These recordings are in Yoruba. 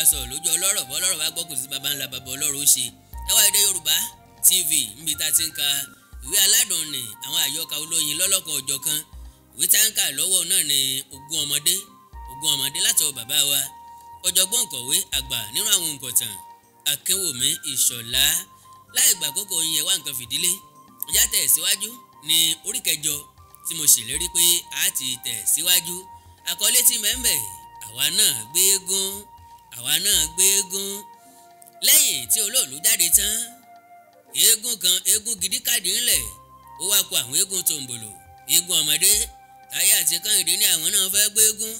bá sọ̀rọ̀ lójú ọlọ́rọ̀ bọ́lọ́rọ̀ bá gbọ́ kò sí baba ńlá baba ọlọ́rọ̀ ó ṣe ẹ èdè Yorùbá TV níbi tá a ti ń ka ìwé aládùn ni àwọn àyọkà olóyin lọ́lọ́kan ọ̀jọ̀ kan ìwé tá ń kà lọ́wọ́ náà ni ogún ọmọdé ogún ọmọdé látọ̀ bàbá wa ọ̀jọ̀gbọ́n kọ̀wé àgbà nínú àwọn nǹkọ̀tàn Akínwùmí Ìṣọ̀lá láì gbà kókó yẹn wá nǹkan fìdílé ìjà tẹ̀ síwájú ní orí kẹjọ tí mo ṣèlérí pé a ti tẹ̀ àkọlé tí mẹ́ńbẹ̀ àwa náà gbé eégún àwa náà gbé eégún lẹ́yìn tí olóòlù jáde tán eégún kan eégún gidi káàdì ńlẹ̀ ó wá kó àwọn eégún tòǹbòlò eégún ọmọdé táyé àti kẹ́hìndé ní àwọn náà fẹ́ gbé eégún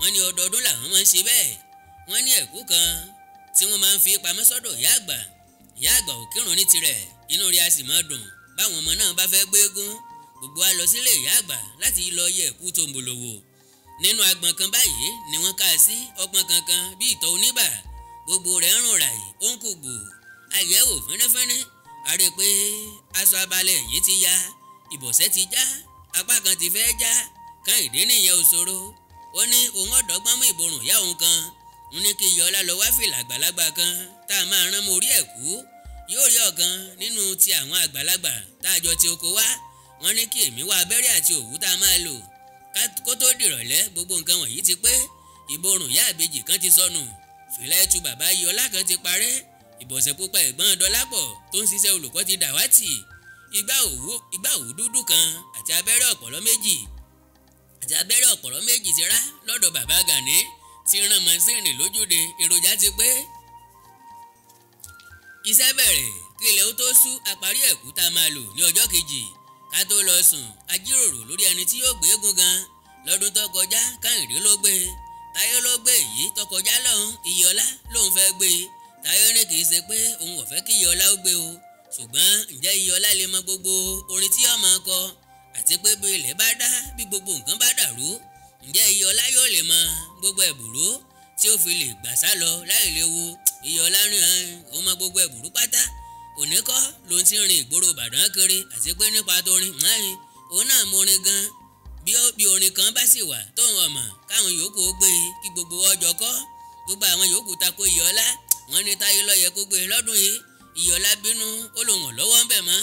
wọ́n ní ọdọọdún làwọn máa ń ṣe bẹ́ẹ̀ wọ́n ní ẹ̀kú kan tí wọ́n máa ń fi pamọ́ sọ́dọ̀ ìyá àgbà ìyá àgbà ò kírun ní tirẹ̀ inú rí a sì máa dùn báwọn ọmọ náà bá fẹ́ gbé eégún gbogbo wa lọ sílé ìyá àgbà láti lọ yẹ ẹ̀kú tòǹbòlò wò nínú agbọ̀n kan báyìí ni wọ́n ká sí ọgbọ́n kankan bí ìtọ̀ oníbà gbogbo rẹ̀ ń rùn ràì ó ń kò gbò àyẹ̀wò fínnífínní a rí i pé aṣọ abalẹ̀ yìí ti ya ìbọ̀sẹ̀ ti já apá kan ti fẹ́ já kan ìdí nìyẹn ò ṣòro ó ní òun ọ̀dọ́gbọ́n mú ìborùn yá òun kan ń ní kí yọlá lọ wá fìlà àgbàlagbà kan tá a máa rán mọ orí ẹ̀ kú yóò rí ọ̀kan nínú ti àwọn àgbàlagbà tá a jọ ti oko wá wọ́n ní kí èmi wá abẹ́rẹ́ àti òwú tá a máa lò kó tó dìrọ̀lẹ́ gbogbo nǹkan wọ̀nyí ti pé ìborùn ìyá àbejì kan ti sọnù fìlà ẹtù bàbá yọlá kan ti parẹ́ ìbọ̀sẹ̀ pupa ẹ̀gbọ́n dọlápọ̀ tó ń ṣiṣẹ́ olùkọ́ ti dàwátì igbá òwú dúdú kan àti abẹ́rẹ́ ọ̀pọ̀lọ́ méjì àti abẹ́rẹ́ ọ̀pọ̀lọ́ méjì ti rá lọ́dọ̀ bàbá Gani ti rán mọ́ sí ìrìn lójúde èròjà ti pé. iṣẹ́ bẹ̀rẹ̀ kílẹ̀ ó tó sú àparí ẹ̀kú tá a máa lò ní ọjọ́ kejì ká tó lọ sùn a jíròrò lórí ẹni tí yóò gbé eégún gan lọ́dún tó kọjá Kẹ́hìndé ló gbé e. Táyé ló gbé èyí e tó kọjá lọ́hùn Ìyọlá lòun fẹ́ gbé e. Táyé ní kì í ṣe pé òun ò fẹ́ kí Ìyọlá ó gbé o ṣùgbọ́n ǹjẹ́ Ìyọlá lè mọ gbogbo orin tí ọmọ kọ àti pé bí ilẹ̀ bá dá bí gbogbo nǹkan bá dàrú ǹjẹ́ Ìyọlá yóò lè mọ gbogbo ẹ̀bùrú tí ó fi lè gbà sá lọ láì léwu Ìyọlá rìn ó mọ gbogbo ẹ̀bùrú pátá òní kọ́ ló ti rin ìgboro ìbàdàn kiri àti pé nípa tó rin mọ́rin òun náà mo rin gan bí bí orin kan bá sì wà tóun ọmọ káwọn yòókù ó gbé e, kí gbogbo ọjọ́ kọ́ gbogbo àwọn yòókù tako ìyọ́lá wọ́n ní táyé ló yẹ kó gbé e lọ́dún yìí ìyọ́lá bínú ó lòun ò lọ́wọ́ ń bẹ̀ mọ́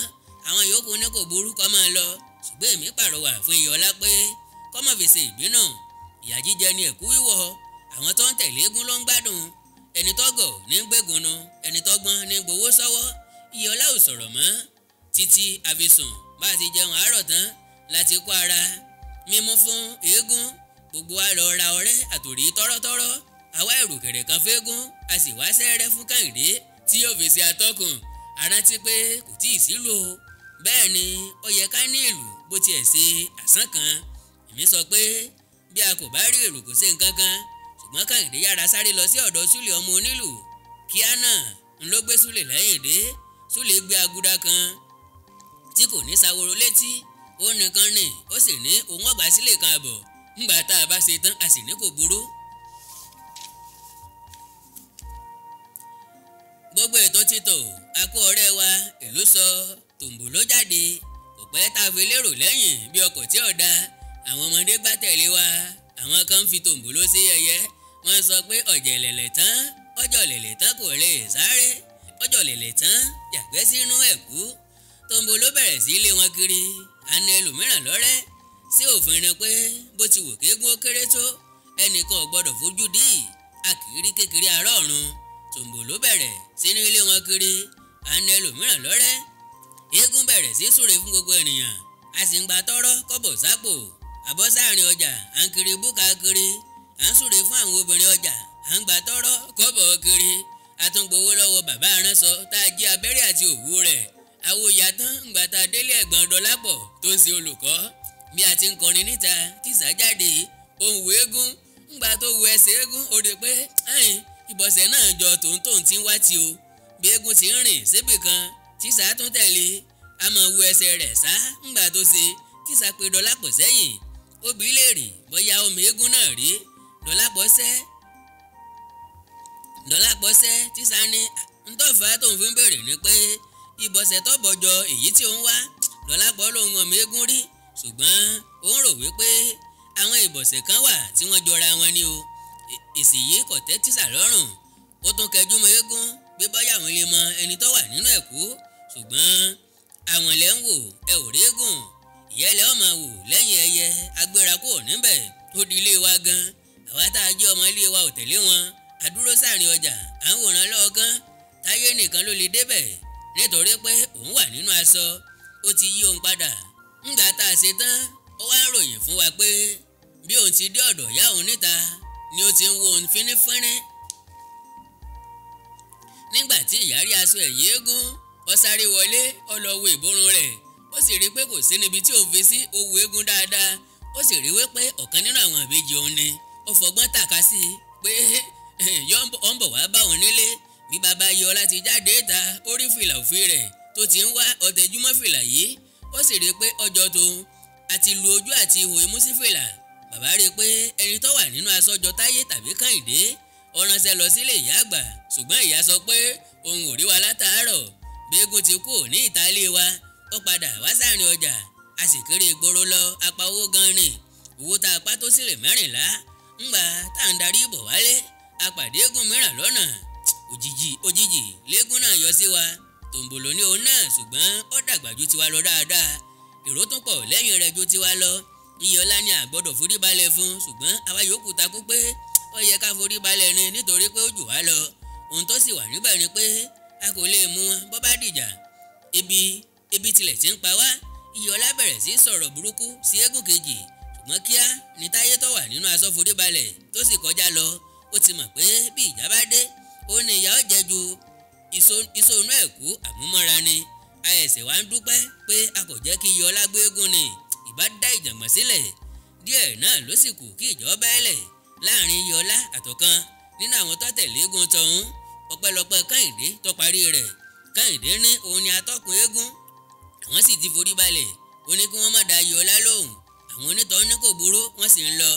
àwọn yòókù ní kò burú kó máa lọ ṣùgbọ́n èmi pàrọwà fún ìyọ́lá pé kó fèsì ìbínú ìyà jíjẹ ni ẹ̀kú wíwọ́ àwọn tó ń tẹ̀lé eégún ló ń gbádùn ẹni ní gbégun nu ẹni ní gbowó sọ́wọ́ ìyọlá ò sọ̀rọ̀ mọ́ títí àfisùn bá a ti jẹun àárọ̀ tán láti kó ara mímú fún eégún gbogbo wa lọ ra ọ̀rẹ́ àtòrí tọ́rọ́tọ́rọ́ àwa èròkèrè kan fẹ́gún a sì wá sẹ́rẹ́ fún kàìndé tí yóò fèsì atọ́kùn arántí pé kò tí ì sílò bẹ́ẹ̀ ni ó yẹ ká ní ìlú bó tiẹ̀ ṣe àsán kan èmi sọ pé bí a kò bá rí èrò kò sí nǹkan kan ṣùgbọ́n kàìndé yára sáré lọ sí ọ̀dọ̀ súlẹ̀ ọmọ onílù kíá náà ń ló gbé súlẹ̀ lẹ́yìn dé súlè gbé aguda kan tí kò ní saworo létí ó nìkan nì ó sì ní òun ọgbà sílé kan àbọ̀ ńgbà tá a bá ṣe tán a sì ní kò burú. gbogbo ètò títọ̀ akó ọ̀rẹ́ wa ìlú sọ tòǹbù ló jáde kò pẹ́ tá a fi lérò lẹ́yìn bí ọkọ̀ tí ò àwọn ọmọdé gbá tẹ̀lé wa àwọn kan fi tòǹbù ló sí yẹ̀yẹ́ wọ́n sọ pé ọ̀jẹ̀lẹ̀lẹ̀ tán ọjọ́ lẹ̀lẹ̀ tán kò lè sáré kọjọ lèlè tán yàgbẹ́ sínú ẹ̀kú tòǹbò ló bẹ̀rẹ̀ sí lé wọn kiri àna ẹlòmíràn lọ́rẹ́ sí òfin ni pé bó ti wò kéégún ó kéré tó ẹnìkan ò gbọdọ̀ fojú dì í akiri kékeré ará ọ̀run tòǹbò ló bẹ̀rẹ̀ sí ní lé wọn kiri àna ẹlòmíràn lọ́rẹ́ eégún bẹ̀rẹ̀ sí súre fún gbogbo ènìyàn a sì ń gba tọ́rọ́ kọ́bọ̀ sápò àbọ̀ sáàrin ọjà à ń kiri búkà kiri à ń súre fún àwọn obìnrin ọjà à ń gba tọ́rọ́ kọ́bọ̀ kiri àtúngbowó lọ́wọ́ bàbá aránṣọ tá a jí abẹ́rẹ́ àti òwú rẹ̀ àwòyà tán ńgbà tá a délé ẹ̀gbọ́n dọ́lápọ̀ tó ń ṣe olùkọ́ bí a ti ń kọrin níta kìsà jáde ohùn wo eégún ńgbà tó wo ẹsẹ̀ eégún ó rí jọ tòun ti ń o bí eégún ti ń rìn síbì kan a wo ẹsẹ̀ rẹ̀ sá ńgbà tó ṣe pé dọ́lápọ̀ sẹ́yìn eégún náà rí dọ́lápọ̀ sẹ́ẹ́ Dọlápọ̀ṣẹ́ tíṣà ní ntọ́fà tó ń fi ń ni pé ìbọ̀sẹ̀ tó bọ̀jọ èyí tí òun wá Dọlápọ̀ lòun ọmọ eégún rí ṣùgbọ́n òun rò wípé àwọn ìbọ̀sẹ̀ kan wà tí wọ́n jọra wọn ni o èsì yìí kò tẹ́ tíṣà lọ́rùn ó tún kẹjú mọ́ eégún pé bọ́yá àwọn lè mọ ẹni tó wà nínú ẹ̀kú ṣùgbọ́n àwọn lẹ́ ń wò ẹ ò rí eégún ìyẹn lẹ́ ọmọ wò lẹ́yìn ẹyẹ agbéra kò níbẹ̀ ó di ilé wa gan àwa tá a jẹ́ ọmọ ilé wa ò tẹ̀lé wọn adúró sáàrin ọjà à ń wòran lọ́wọ́ gán táyé nìkan ló lè débẹ̀ nítorí pé òun wà nínú aṣọ ó ti yí òun padà ńgbà tá a ṣe tán ó wá ń ròyìn fún wa pé bí òun ti dé ọ̀dọ̀ ìyá òun níta ni ó ti ń wo òun fínífínrín nígbà tí ìyá rí aṣọ ẹ̀yìn eégún ó sáré wọlé ó lọ wo ìborun rẹ̀ ó sì rí pé kò sí níbi tí òun fi sí ó wo eégún dáadáa ó sì rí wípé ọ̀kan nínú àwọn ìbejì òun ni ó fọgbọ́n tàka sí i pé yọ ọ ń bọ̀ wá bá òun nílé bí bàbá yọ láti jáde ta ó rí fìlà òfin rẹ̀ tó ti ń wá ọ̀tẹ̀júmọ́ fìlà yìí ó sì rí pé ọjọ́ àti lu ojú àti ihò imú sí fìlà bàbá rí pé ẹni tó wà nínú asọ́jọ táyé tàbí kàìndé ọ̀ránṣẹ́ lọ sílé ìyá àgbà ṣùgbọ́n ìyá sọ pé òun ò rí wa látàárọ̀ ti kú ní wa ó padà wá sáàrin ọjà a sì kéré ìgboro lọ apá owó gan tá a pa apàdé eégún mìíràn lọ́nà òjijì òjijì léegún náà yọ sí wa tòǹbòlò ní òun náà ṣùgbọ́n ó dàgbà ju tiwa lọ dáadáa èrò tún pọ̀ lẹ́yìn rẹ̀ ju tiwa lọ iyọlá ni àgbọ́dọ̀ forí balẹ̀ fún ṣùgbọ́n àwa yòókù takú pé ó yẹ ká forí balẹ̀ ni nítorí pé ó jù wá lọ ohun tó sì wà níbẹ̀ ni pé a kò lè mú wọn bọ́ bá dìjà ebi ebi tilẹ̀ ti ń pa wá iyọlá bẹ̀rẹ̀ sí sọ̀rọ̀ burúkú sí eégún kejì ṣùgbọ́n kíá ni táyé tó wà nínú aṣọ forí balẹ̀ tó sì kọjá lọ ó ti mọ̀ pé bí ìjà bá dé ó ní ìyá ó jẹ ju ìsonú ẹ̀kú àmúmọ́ra ni àìsè wa ń dúpẹ́ pé a kò jẹ́ kí iyọ̀ lágbéégún ni ìbá dá ìjàngbọ̀n sílẹ̀ díẹ̀ náà ló sì kù kí ìjọ bẹ́ẹ̀lẹ̀ láàrin iyọ̀lá àtọ̀kan nínú àwọn tó tẹ̀lé eégún tọ̀hún ọpẹ́lọpẹ́ kẹ́hìndé tó parí rẹ̀ kẹ́hìndé ní òun ni atọ́kùn eégún àwọn sì ti forí balẹ̀ ó ní kí wọ́n má da iyọ̀lá lóhùn àwọn onítọ̀ ní kò burú wọ́n sì ń lọ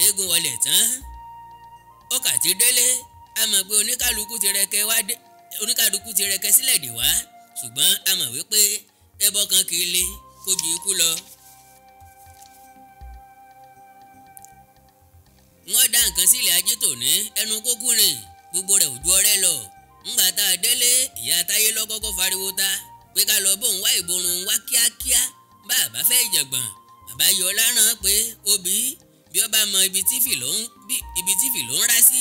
eégún wọlé tán ọkà ti délé a mọ̀ pé oníkàlùkù ti rẹkẹ wá dé oníkálukú ti rẹkẹ sílẹ̀ wá ṣùgbọ́n a mọ̀ wípé ẹbọ kan kì í le kó ju ikú lọ. wọ́n dá nǹkan sílẹ̀ ajé tòní ẹnu kókó gbogbo rẹ̀ ò ju ọrẹ́ lọ ńgbà tá a délé ìyá táyé lọ́kọ́kọ́ fariwo ta pé ká lọ bóun wá ìborun wá kíákíá bá a bí ó bá mọ ibi tí fìlò ń rá sí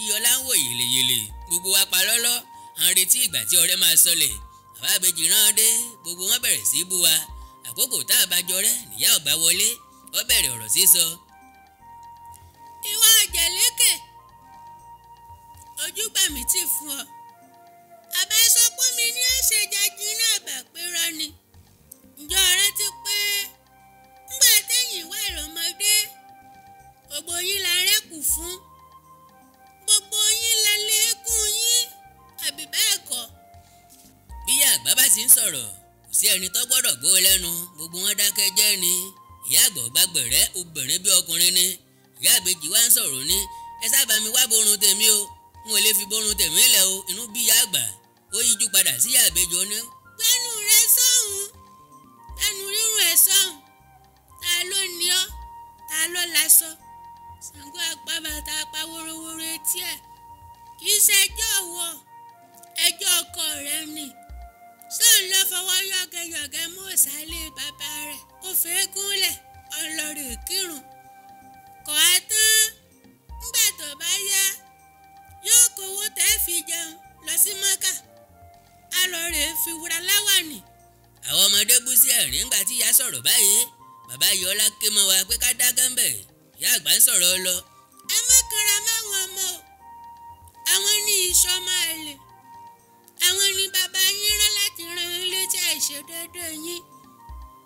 iyọlá ń wò yèlèyèlè gbogbo wa pa lọ́lọ́ à ń retí ìgbà tí ọ̀rẹ́ máa sọlẹ̀ bàbá àbèjì rán dé gbogbo wọn bẹ̀rẹ̀ sí í bú wa àkókò tá a bá jọrẹ́ níyà ọ̀gbá wọlé ó bẹ̀rẹ̀ ọ̀rọ̀ sísọ. ìwọ àjẹlékè ojúgbà mi ti fún ọ àbá sọ mi ní ọ̀sẹ̀ jájí náà bà ni ǹjọ́ ọ̀rẹ́ ti pé ńgbà téyìn wà lọ́mọdé gbogbo yín la rẹ́kù fún gbogbo yín la lékún yín àbí bẹ́ẹ̀ kọ́. bí àgbà bá ti ń sọ̀rọ̀ kò sí ẹni tó gbọ́dọ̀ gbó lẹ́nu gbogbo wọn dákẹ́ jẹ́ ni ìyá àgbà gbàgbẹ̀rẹ́ obìnrin bí ọkùnrin ni ìyá àbèjì wá ń sọ̀rọ̀ ni ẹ sábà mi wá borun tèmi o n ò lè fi borun tèmi lẹ̀ o inú bí ìyá àgbà ó yíjú padà sí ìyá àbèjì ó ní. gbẹ́nu rẹ sọ́hùn ẹnu rírun ẹ̀ sọ́hùn ta ló ní ọ́ ta ló lasọ́ Ṣàngó apá bàtà apá wórówóró etí ẹ̀ kì í ṣe ẹjọ́ wọ ẹjọ́ ọkọ rẹ ni ṣóun ló fọwọ́ yọ̀gẹ̀yọ̀gẹ̀ mú òsàlẹ̀ bàbá rẹ̀ ó fẹ́ gúnlẹ̀ ọlọ́rẹ̀ kírun kọ́ á tán ńgbà tó bá yá yóò kówó tẹ́ fi jẹun lọ sí mọ́kà alọ́rẹ̀ fi wúra láwà nì. àwọn ọmọdé bú sí ẹ̀rín ńgbà tí ìyá sọ̀rọ̀ báyìí bàbá yọlá ké mọ́ wa pé ká dá gánbẹ̀ yìí ìyá àgbà ń sọ̀rọ̀ lọ. ẹ má kanra máwọn ọmọ o àwọn ní iṣọ́ máa lè àwọn ní bàbá yín rán láti ran yín létí àìṣedéédéé yín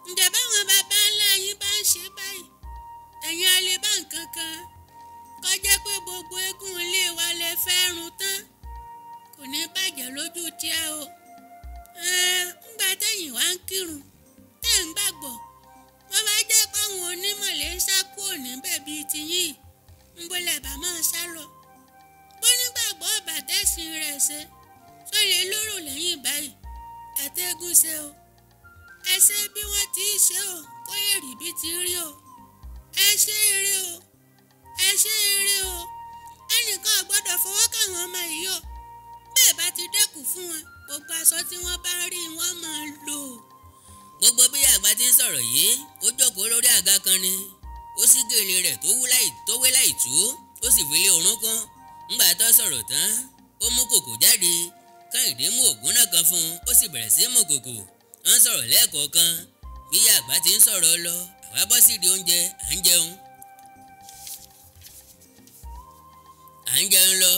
ǹjẹ́ báwọn bàbá ńlá yín bá ń ṣe báyìí ẹ̀yin alẹ́ bá nǹkan kan kọjá pé gbogbo eégún ilé wa lè fẹ́ run tán kò ní bàjẹ́ lójú tíá o ǹgbà tẹ̀yìn wá ń kírun tẹ̀ ń gbàgbọ́ wọ́n bá jẹ́ páwọn onímọ̀ lè ń sá kúrò níbẹ̀ bíi tiyín ń bọ́lẹ̀ bá máa sá lọ bó nígbàgbọ́ bàtẹ́sìn rẹ̀ ṣe tó lè lóró lẹ́yìn báyìí àtẹ́gùn ṣe o ẹ ṣe bí wọ́n ti ń ṣe o kó lè rí bí ti rí o ẹ ṣe eré o ẹ ṣe eré o ẹnìkan ò gbọ́dọ̀ fọwọ́ káwọn ọmọ yìí o bẹ́ẹ̀ bá ti dẹ́kun fún wọn gbogbo aṣọ tí wọ́n bá rí wọ́n máa lò ó. gbogbo bí àgbà ti ń sọ̀rọ̀ yìí ó jókòó lórí àga kan ni ó sì gèlè rẹ̀ tó wé láì tú ó sì fi lé kan ńgbà tó sọ̀rọ̀ tán ó mú kòkò jáde ìdí mú ògùn náà kan fún un ó sì bẹ̀rẹ̀ sí mú kòkò ti ń lọ àwa di oúnjẹ à ń jẹun à ń jẹun lọ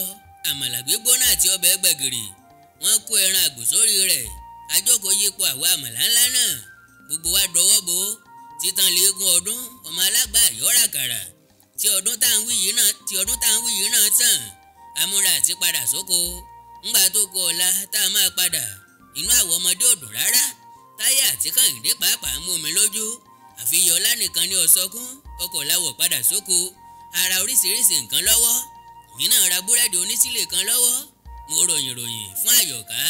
àti ẹran àgbò sórí rẹ̀ yípo àmàlà náà gbogbo wa dọwọ́ bò ó títan léegun ọdún ọmọ alágbà yọ̀ọ́ra kàrà tí ọdún tá à ń wí yìí náà tí ọdún tá à ń wí yìí náà tàn amúra àti padà sóko ńgbà tó kọ ọ̀la tá a máa padà inú àwọn ọmọdé ò dùn rárá táyà àti kàyìndé pàápàá mú mi lójú àfihànlá nìkan ní ọ̀sọ́kún ọkọ̀ làwọ̀ padà sóko ara oríṣiríṣi nǹkan lọ́wọ́ mi náà ra búrẹ́dì onísílè kan lọ́wọ́ mo ròyìn ròyìn fún àyọ̀ká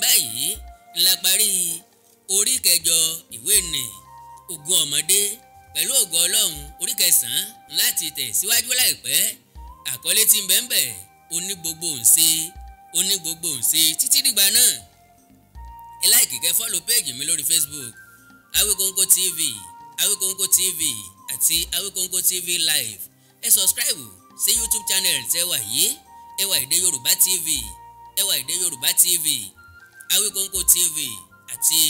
báyìí ńlá parí orí kẹjọ ìwé nì ogun ọmọdé pẹ̀lú ògo ọlọ́run orí kẹsàn-án láti tẹ̀ síwájú láìpẹ́ àkọlé tí ń bẹ ń bẹ oní gbogbo ǹṣe oní gbogbo ǹṣe títí dìgbà náà ẹ láìkì kẹ́ fọ́lù péèjì mi lórí Facebook Awikonko TV Awikonko TV àti Awikonko TV live ẹ e sọ̀scribe sí YouTube channel tẹ́ wà yìí ẹwà èdè Yorùbá TV ẹwà èdè Yorùbá TV Awikonko TV àti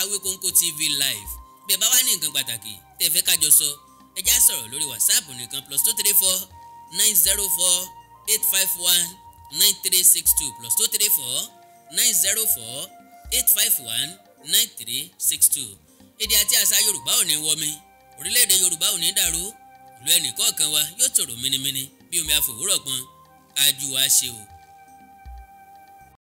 Awikonko TV live bí ẹ bá wá ní nǹkan pàtàkì tẹ́ ẹ fẹ́ kájọ sọ ẹ já sọ̀rọ̀ lórí WhatsApp nìkan plus two three four nine zero four eight five one nine three six two plus two three four nine zero four eight five one nine three six two èdè àti àṣà Yorùbá ò ní wọmi orílẹ̀-èdè Yorùbá ò ní dàrú ìlú ẹnìkọ̀ọ̀kan wa yóò tòrò minimini bí omi àfòwúrọ̀ pọn ajú wa ṣe o.